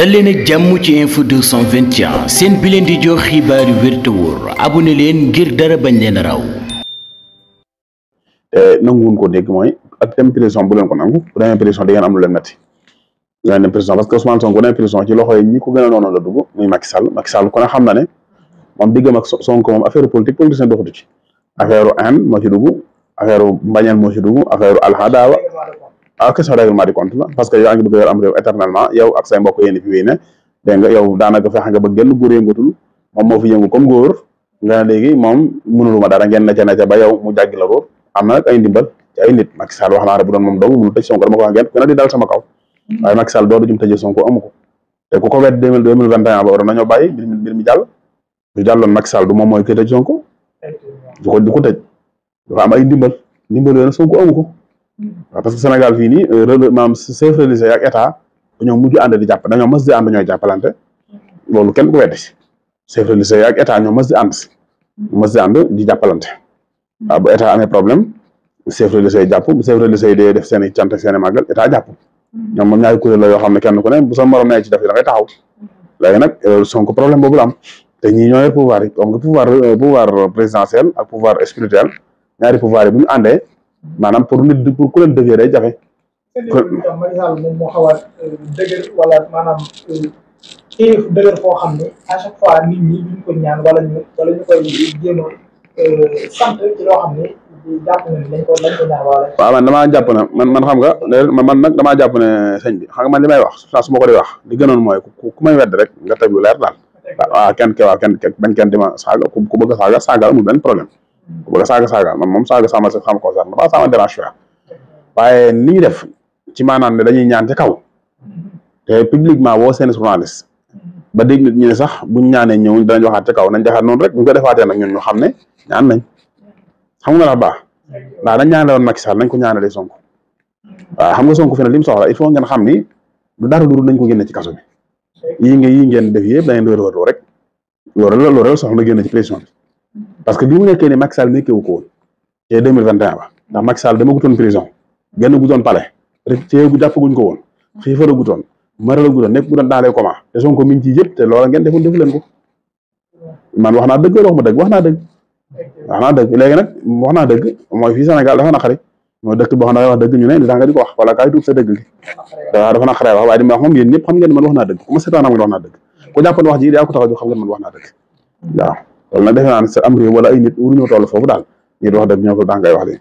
dal leen ak jàmm ci info 221 seen bi leen di jox xibaar yu wér te wóor abonné leen ngir dara bañ leen a raw. Eh, nanguwuñ ko dégg mooy ak dem prison bu leen ko nangu bu demee prison di ngeen am lu leen metti parce que Ousmane Sonko bu demee prison ci loxo yi ñi ko gën a noonu la dugg muy Macky Sall Macky Sall kon xam na ne moom diggam ak Sonko moom affaire politique politicien doxatu ci affaire an moo ci dugg affaire mbañal moo ci dugg affaire alxadaawa ak ah, question règlement du compte la parce que yaa ngi bëgg yor am réew éternellement yow ak say mbokk yéen fi wéy ne dégg nga yow ne léegi moom mënuluma ngeen na ca ba yow mu jàggi la ko am na nag ay nit Macky Sall naa rek bu doon moom dong mënul tëj Sonko dama ko wax ngeen ku ne di dal sama kaw mm-hmm. waaye Macky Sall doodu jum tëjee Sonko amu mbir mi mbir mi jàll du jàlloon Macky Sall du moom mooy koy tëj Sonko du ko du ko tëj dafa am ay ndimbal ndimbal yooyu nag Sonko amu ko waaw parce que Sénégal fii nii euh, maanaam chef religieux ak état dañoo mujj ànd di jàpp dañoo mas di ànd ñooy jàppalante loolu kenn du ko chef religieux ak état ñoo mas di ànd si mas di ànd di jàppalante waaw bu état problème chef religieux yi jàpp bu chef religieux yi dee def seen i cant seen i màggal état jàpp ñoom ñaari kuréel la yoo xam ne kenn ku ne bu sa morom nee ci def yi da ngay taxaw léegi euh, Sonko problème boobu la am te ñii ñoo yor pouvoir yi comme euh, que pouvoir présidentiel ak pouvoir spirituel ñaari pouvoir yi bu ñu àndee maanaam pour nit pour ku leen dëggee day jafe. a euh, dëgër wala maanaam xiif euh, dëgër foo xam ne à chaque fois nit ñi ñu ko ñaan wala ñu koy jéem a euh, sant ci loo xam na man damaa jàpp ne man man xam nga man nag damaa jàpp bi xam nga man wax saa su ma ko li gënoon mooy ku may wedd rek nga teg lu leer daal. waaw kenn ke waaw kenn benn kenn di ma saaga ku bëgg a saaga saaga amul benn problème. bëgg a saaga saaga man moom saaga sama chef xam ko sax ba sama dérange ah. waaye ni ñuy def ci maanaam ne dañuy ñaan ci kaw te publiquement woo seen journaliste ba dégg nit ñi ne sax buñ ñaanee ñëw danañ waxaat ci kaw nañ jaxaat noonu rek buñ ko defaatee nag ñun ñu xam ne ñaan nañ xam nga la baax ndax dañ ñaanale woon Macky Sall nañ ko ñaanalee sonk waaw xam nga Sonko fi ne li mu soxla il faut ngeen xam ni du dara lu nañ ko génne ci kaso bi yii nga ngeen def yëpp da ngeen doon rek loolu la loolu la soxla génne ci pression bi parce que bi mu nekkee ne Macky Sall nekkee wu ko woon te 2021 ba ndax Macky Sall dama gutoon prison genn gutoon palais teegu jàppaguñ ko woon xiifara gutoon marala gutoon nekk gutoon dans les communs te Sonko mi ngi ci te loola ngeen defu leen ko man wax naa dëgg wax ma dëgg wax naa dëgg naa dëgg léegi nag wax naa dëgg mooy fii Sénégal dafa naqari mooy dëgg ñu ne li tax wax wala ma wax moom yéen ñëpp xam ngeen man wax dëgg ku ma ngeen wax dëgg ko tax wax naa dëgg loolu nag defe naa ne sa am réew wala ay nit waruñoo toll foofu daal nit wax dëgg ñoo ko daan ngay wax de